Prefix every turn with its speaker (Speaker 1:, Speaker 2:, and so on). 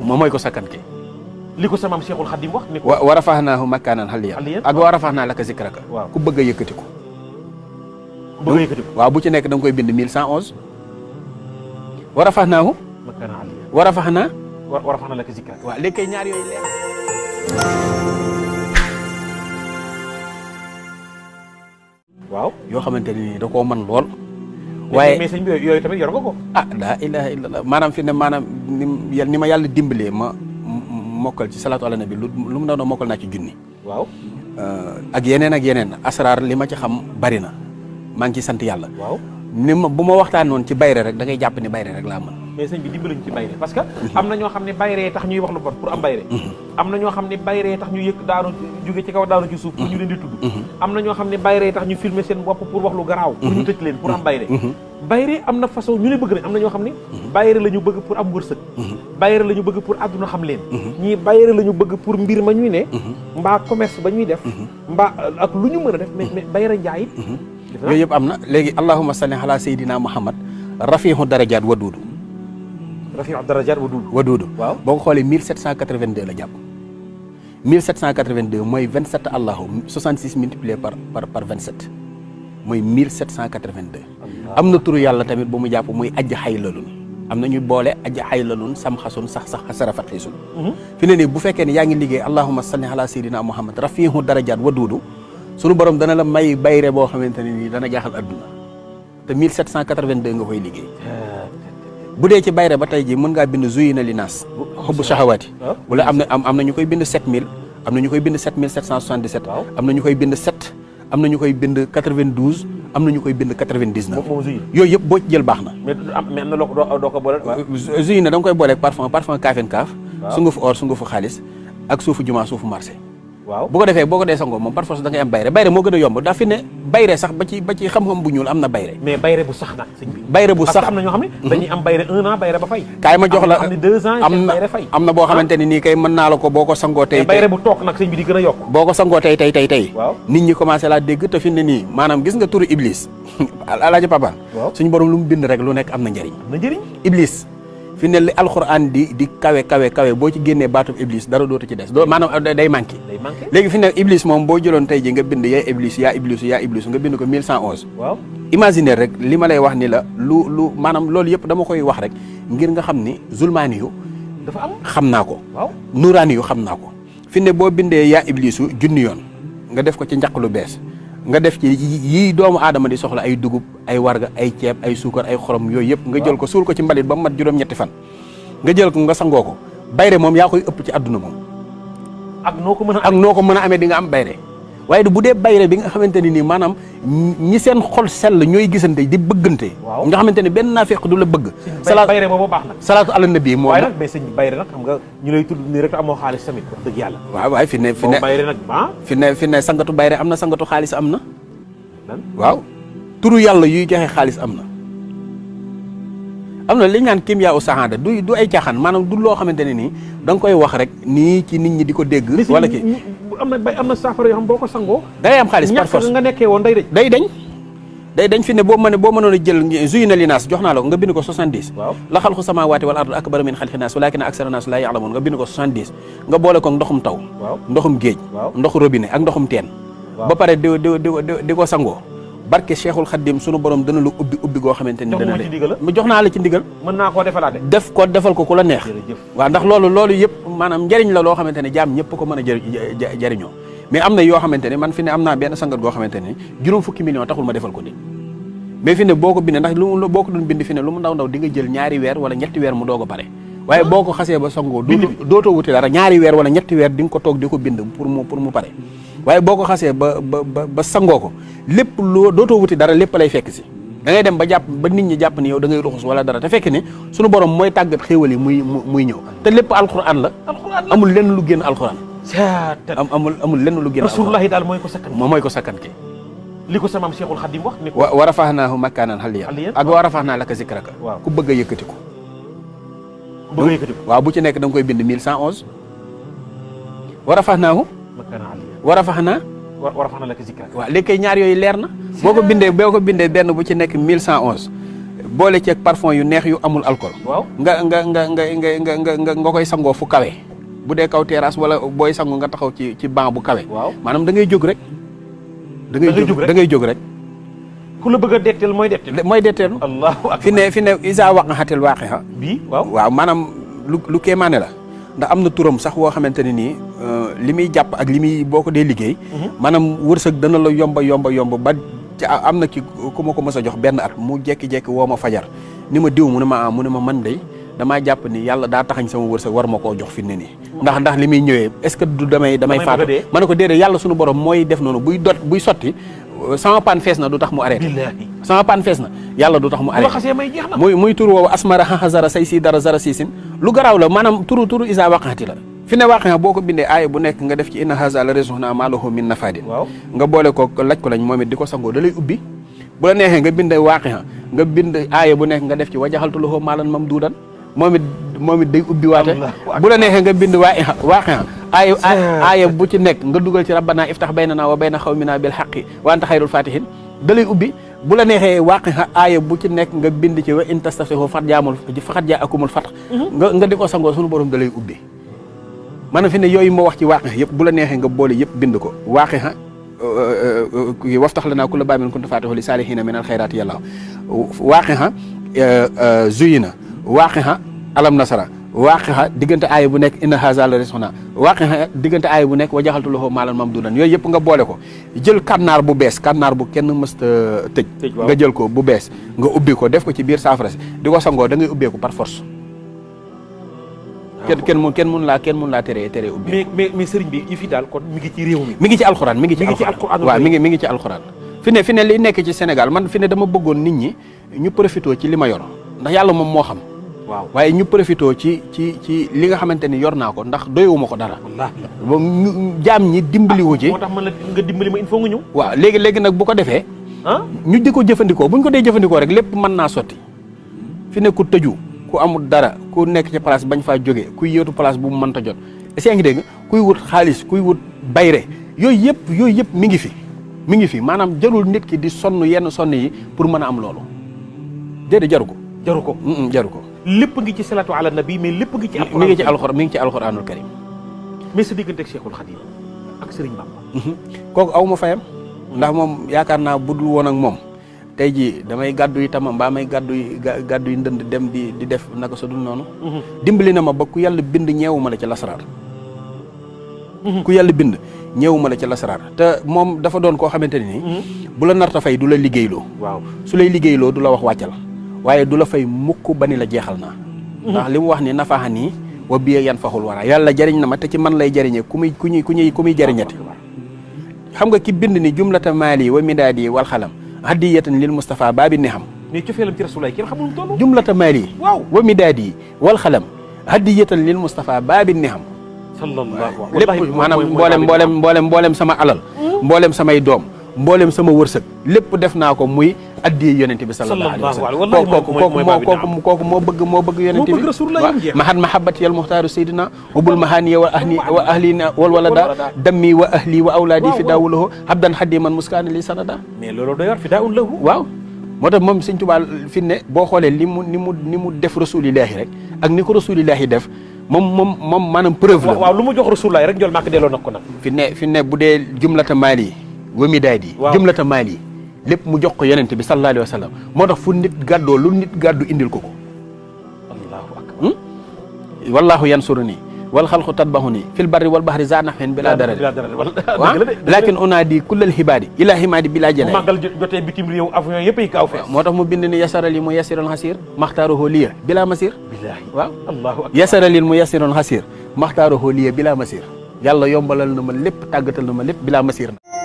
Speaker 1: ma mooy ko sakkan ki li ko sama maam Cheikhul Khadim wax. ni ko wa rafahnaahu makaanan aliyyan ak wa rafahnaa laka zikraka ku bëgg a ko. ku bëgg a wa ko waaw bu ci nekk da koy bind 1111. wa rafahnaahu. makaanan aliyyan wa rafahnaa. wa laka zikraka waaw léegi ñaar yooyu leer. waaw yoo xamante ne nii da koo mën lool.
Speaker 2: waaye mais sëñ bi yooyu tamit yor nga
Speaker 1: ko. ah laa ilaha illallah maanaam fi ne maanaam ni ni ma yàlla dimbalee ma mokkal ci salaatu ala nabi lu lu mu doon mokkal naa ci junni. waaw. Uh, ak yeneen ak yeneen asraar li ma ci xam bari na maa ngi ciy sant yàlla. waaw ni ma bu ma noonu ci bayre rek da ngay jàpp ni bayre rek laa mën. mais sëñ bi dimbaluñ ci bayre parce que am na ñoo xam ne bayree tax ñuy ñu yëkk daanu jóge ci kaw daanu ci suuf pour ñu leen di tudd am na ñoo xam ne bayree tax ñu filmer seen bopp pour wax lu garaaw pour ñu tëj leen pour am bayre bayre am na façon ñu ne bëgg nañ am na ñoo xam ne bayre la bëgg pour am wërsëg bayre la bëgg pour àdduna xam leen ñii bayre la bëgg pour mbir ma ñuy ne mbaa commerce ba ñuy def mbaa ak lu ñu mën a def mais bayre njaayit yooyu yëpp am na léegi allahuma Rafi Abdurajab Wadudu Wadudu waaw boo ko xoolee 1782 la jàpp 1782 mooy 27 allahu 66 multiplié par par par 27 mooy 1782 am na turu yàlla tamit bu mu jàpp muy ajj xaylalun am na ñu boole ajj xaylalun sam xasun sax sax sarafat xiisun mhm. fi ne nii bu fekkee ne yaa ngi liggéey allahuma salli ala sayyidina muhammad rafihu darajat waduudu sunu borom dana la may bayre boo xamante ne nii dana jaaxal adduna te 1782 nga koy liggéey bu dee ci bayre ba tey ji mën ngaa bind zuyi na li naas xubbu saxawaati ah. wala am na am na ñu koy bind 7000 am na ñu koy bind 7777 am na ñu koy bind 7 am na ñu koy bind 92 am na ñu koy bind 99 yooyu yëpp boo jël baax na mais am na loo boole euh, zuyi na da nga koy booleeg parfum parfum kaafeen kaaf su nga fu or su nga fu xaalis ak suufu jumaa suufu marché waaw bu ko defee boo ko dee sangoo moom par force da ngay am bayre bayre moo gën a yomb daa fi ne bayre bu am na bayre sax bayre bu sax am na xam ne mhm. dañuy am bayre un an bayre ba fay kaay ma la am na deux ans am na boo ah. xamante ni nii kay mën naa la ko boo ko sangoo tey bayre bu toog nag a yokk boo sangoo tey tey tey tey waaw nit ñi commencé laa dégg te fi ne nii maanaam gis nga turu iblis alaaji papa suñu borom lu mu bind rek lu nekk am na njëriñ na iblis fi al li alxuraan di di kawe kawe kawe boo ci génnee baatu iblis dara dootu ci des doo maana uh, day manqué léegi fi ne iblis moom boo jëloon tey ji nga bind yaa iblis yaa iblis yaa iblis nga bind ko 1111 waaw imaginer rek li ma lay wax ni la lu lu maanaam loolu yëpp dama koy wax rek ngir nga xam ni zulmaani yu dafa am xam naa ko nuuraani yu xam naa ko fi boo bindee yaa iblisu junni yoon nga def ko ci njaq lu bees nga def ci yii doomu aadama di soxla ay dugub ay warga ay ceeb ay suukar ay xorom yooyu yëpp nga jël ko suul ko ci mbalit ba mu mat juróom-ñetti fan nga jël ko nga sangoo ko bayre moom yaa koy ëpp ci adduna moom ak noo ko mën a amee di nga am bayre waaye bu dee bayre bi nga xamante ne nii maanaam ñi seen xol sell ñooy gisante di bëggante nga xamante ne benn naafeq du la bëgg salaat bayre boobu baax na salaatu ala nabi moom waaye nag mais sëñ bayre nag xam nga ñu lay rek amoo xaalis tamit wax yàlla waaw waaye ne fi ne bayre nag ah fi ne sangatu bayre am na sangatu xaalis am na waaw turu yàlla yuy joxe xaalis am na am na li ñu naan kimya u saxaada du du ay caaxaan maanaam du loo xamante ne nii da nga koy wax rek nii ci nit ñi di ko dégg wala ki am na bay am na saafara yoo xam boo ko sangoo day am xaalis par force nga nekkee woon day dañ day dañ day dañ fi ne boo mënee boo mënoon a jël zuyina li naas jox naa la nga bind ko 70 waaw la xalqu samaawaati wal ard akbaru min xalqi naas walaakina aksara naas laa nga bind ko 70 nga boole ko ndoxum taw ndoxum géej ndoxu robinet ak ndoxum teen ba pare di di di ko sangoo barke Cheikhul Khadim sunu borom dana la ubbi ubbi goo xamante ni dana la jox naa la ci ndigal mën naa koo def ko defal ko ku la neex waaw ndax loolu yëpp maanaam njariñ la loo xamante ne jaam ñëpp ko mën a jëriñoo mais am na yoo xamante ne man fi ne am na benn sangat goo xamante ne juróom fukki million taxul ma defal ko ni mais fi ne boo ko bindee ndax lu boo ko doon bind fi ne lu mu nga jël ñaari weer wala ñetti weer mu doog a pare waaye boo ko xasee ba songoo dootoo wuti ñaari weer wala ñetti weer di nga toog ko bind pour mu pour waaye boo ko xasee ba ba ba sangoo ko lépp loo dootoo wuti dara lépp lay fekk si dangay dem ba jàpp ba nit ñi jàpp ni yow da ngay ruxus wala dara te fekk ne sunu borom mooy tàggat xéewal yi muy muy ñëw te lépp alxuraan la amul lenn lu génn alxuraan am amul amul lenn lu génn rasulullahi daal mooy ko sakkan moom mooy ko sakkan ki li ko sama maam Cheikhul Khadim wax ni ko wa rafaxnaahu makkaanan ak wa rafaxnaa laka zikraka ku bëgg a yëkkati ko bëgg a yëkkati ko waaw bu ci nekk da nga koy bind 1111 wa rafaxnaahu war a fax na war a la ko zikra waaw léegi ñaar yooyu leer na boo ko bindee boo ko bindee benn bu ci nekk mille cent onze boole ceek parfum yu neex yu amul alcool waaw nga nga nga nga nga nga nga nga koy sangoo fu bu dee kaw terrasse wala booy sangu nga taxaw ci ci banc bu kawe waaw maanaam da ngay jóg rek da ngay jóg da ngay jóg rek ku la bëgg a detteel mooy detteel mooy detteelu allahu akbar fi ne fi ne isa waqaxatil waaqixa bii waaw waaw maanam lu lu kéemaane la ndax am na turam sax woo xamante ne nii euh, li muy jàpp ak li muy boo ko dee liggéey. Mhm. maanaam wërsëg dana la yomba yomba yomb ba am na ki ku ma ko mës a jox benn at mu jékki-jékki woo ma fajar ni ma diw mu ne ma ah mu ne ma man dey damaa jàpp ni yàlla daa taxañ sama wërsëg war ma koo jox fi ne nii. ndax ndax li muy ñëwee est-ce que du damay damay faatu ma ne ko déedéet yàlla sunu borom mooy def noonu buy dot buy sotti euh, sama pan fees na du tax mu arrêté. sama pan fees na. yàlla du tax mu arrêté muy muy tur woowu asmara xaxasara say si dara zara siisin lu garaaw la maanaam turu turu isa waqaati la fi ne waaqe boo ko bindee aaya bu nekk nga def ci inna haza la rizquna ma lahu min nafadin nga boole ko laj ko lañ moom it di ko sangoo da lay ubbi bu la neexee nga bind waaqe nga bind aaya bu nekk nga def ci wajaxaltu lahu maalan mamduudan moom it moom day ubbi waate bu la neexee nga bind waa waaqe aaya bu ci nekk nga dugal ci rabbana iftax baynana wa bayna xawmina bil xaqi wa anta xayrul fatihin da lay bu la neexee waaqi aaya bu ci nekk nga bind ci wa in tastaftihu fat jaamul faxat jaa akumul fat mhm. nga nga o ko sangoo suñu borom da lay ubbi maanaam fi ne yooyu moo wax ci waaqi yëpp bu la neexee nga boole yëpp bind ko naa waaqi uh, uh, uh, waftax lanaa kulla baamin kunta faatihu li saalihiina minal xayraati yàlla waaqi zuyina xa alam nasara waaqixa diggante aaya bu nekk inna haza la rizquna waaqixa diggante aaya bu nekk wa jaxaltu lahu maalan mamdudan yooyu yëpp nga boole ko jël kànnaar bu bees kànnaar bu kenn mësta tëj nga jël ko bu bees nga ubbi ko def ko ci biir saafara si di ko sangoo da ngay ubbeeku par force ah, kenn kenn mun kenn mun laa kenn mun laa teree teree ubbi mais mais mais sëriñ bi yi fi daal mi ngi ci réew mi mi ngi ci alxuraan mi ngi ci alxuraan waaw fi ne fi ne li nekk ci Sénégal man fi ne dama bëggoon nit ñi ñu profité ci li ma yor ndax yàlla moom moo xam waaw waaye ñu profité ci ci ci li nga xamante ni yor naa ko ndax doyewuma ko dara. jaam ñi dimbaliwu ci. Ah, moo man nga dimbali ma ñëw. waaw léegi léegi nag bu ko defee. Ah? ñu di ko jëfandikoo bu ñu ko dee jëfandikoo rek lépp mën naa sotti fi nekkut ku tëju ku amul dara ku nekk ci place bañ faa jógee ku yóotu place bu mu mënta jot. est-ce que yaa ngi dégg kuy wut xaalis kuy wut bayre yooyu yëpp yooyu yëpp mi ngi fi mi ngi fi maanaam jarul nit ki di sonn yenn sonn yi pour mën a am loolu déedéet jaru ko. jaru ko jaru ko. lepp ngi ci salatu ala nabi mais lepp ngi ci. alquran mi ngi ci alquran mi ngi ci alquranul karim. mais sa digënté ak Cheikhul Khadim ak Serigne Bamba. Mhm. kooku aw fayam. ndax mom yaakaar budul won ak mom tay ji damay gaddu itam ba may gaddu gaddu ndënd dem di di def naka so dul nonu mhm. dimbali na ma ba ku yalla bind ñewuma la ci lasrar mhm. ku yalla bind ñewuma la ci lasrar te mom dafa doon ko xamanteni ni. bu la narta fay du la waaw su lay liggéeyloo du la wax waccal waaye du la fay mukk ba ni la jeexal naa mhm. ndax li mu wax ni nafaxa nii wa biyee yan faxul wara yàlla jariñ na ma te ci man lay jariñee ku muy ku ñuy ku ñuy ku muy xam nga ki bind ni jumlata maali wa midaadi wal xalam hadiyatan lil Moustapha baabi ni xam mais cofeelam ci rasulaay kenn xamul tollu jumlata maali waaw wa midaadi wal xalam hadiyatan lil Moustapha baabi ni xam sallallahu lépp maanaam mboolem mboolem mboolem mboolem sama alal mboolem samay doom mboolem sama wërsëg lépp def naa ko muy addiyee yonente bi sallallahu alayhi wa sallam kooku kooku moo kooku kooku moo bëgg moo bëgg yonente bi waaw mahat mahabati al muxtaaru sayidina ubul mahaniya wa ahli wa ahlina wal walada dammi wa ahli wa awlaadi fi daawulahu habdan hadiman muskaani li sanada mais loolu doy war fi daawul lahu waaw moo tax moom sëñ Tuubaa fi ne boo xoolee li mu ni mu ni mu def rasulillahi rek ak ni ko rasulillahi def moom moom moom maanaam preuve la waaw lu mu jox rasulillahi rek jol màkk delloo na ko nag fi ne fi ne bu dee jumlata maali wa midaadi jumlata maali lépp mu jox ko yonent bi sallallahu alayhi wasallam sallam tax fu nit gaddo lu nit gàddu indil ko ko allahu akbar wallahu yansuru wal khalqu tadbahuni fil barri wal bahri zanahin bila darar lakin ona di al hibadi ila himadi bila jële magal jote bitim rew avion yëpp yi kaaw fees moo mu bind ni li mu yasirun hasir makhtaruhu liya bila masir billahi wa allahu akbar yasaralil mu yasiron hasir makhtaruhu liya bila masir yàlla yombalal na ma lépp tagatal na ma lépp bila masir